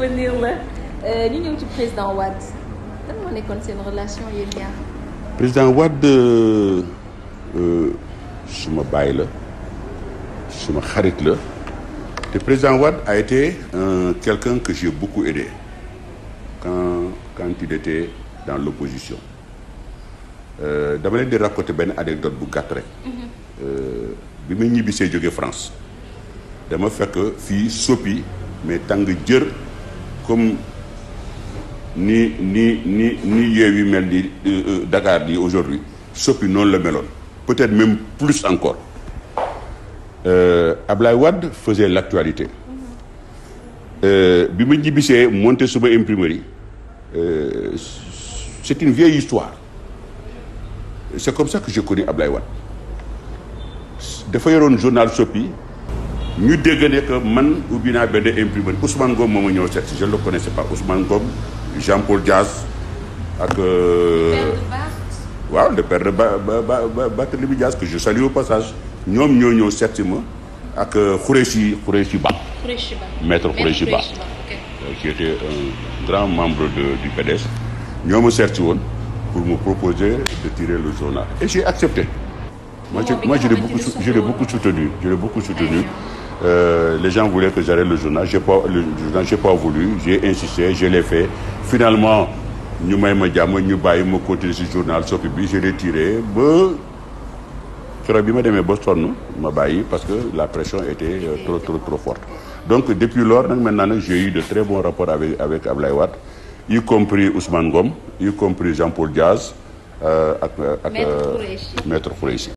souvenir la ñu euh, président Wade lan moo nekkoon seen relation yéen euh, euh, baay la suma xarit la te président Wade a été euh, quelqu'un que j'ai beaucoup aidé quand quand il dans l'opposition dama leen di raconter benn anecdote bu gàtt rek. Mhm. bi ma ñibbisee jóge France dama fekk fii soppi mais tàng jër. comme ni ni ni ni Yewwi mel di euh, euh, Dakar di aujourd'hui soppi noonu la meloon peut-être même plus encore euh, Ablaye Wade faisait l'actualité euh, bi ma ñibbisee monté suba imprimerie c'est une vieille histoire c'est comme ça que j'ai connu Ablaye Wade dafa yoroon journal Sopi ñu dégg ne que man ubbi naa benn imprimerie Ousmane Ngom moo ma ñëw seet je ne le connaissais pas Ousmane Ngom Jean Paul Diaz ak. Euh, waaw le père de ba ba ba Barthélémy Diaz que je salue au passage ñoom ñoo ñëw seet si ma ak euh, Khoureyssi Khoureyssi Ba. Khoureyssi Ba maître Khoureyssi Ba. Euh, qui un grand membre de du PDS. ñoo ma sert si woon pour mu proposer de tirer le journal et j'ai accepté. moi oh, je moi je l'ai beaucoup je l'ai beaucoup soutenu je l'ai Euh, les gens voulaient que j'arrête le journal j'ai pas le journal j'ai pas j'ai l'ai fait finalement ñu may ma jàmm ñu bàyyi ma continuer ci journal soppi bi je l'ai tiré ba keroog bi ma demee ba sonn ma bàyyi parce que la pression était euh, trop trop trop forte donc depuis lors nag maintenant nag j'ai eu de très bons rapports avec avec Ablaye Wade y compris Ousmane Ngom y compris Jean-Paul Diaz euh, ak euh, ak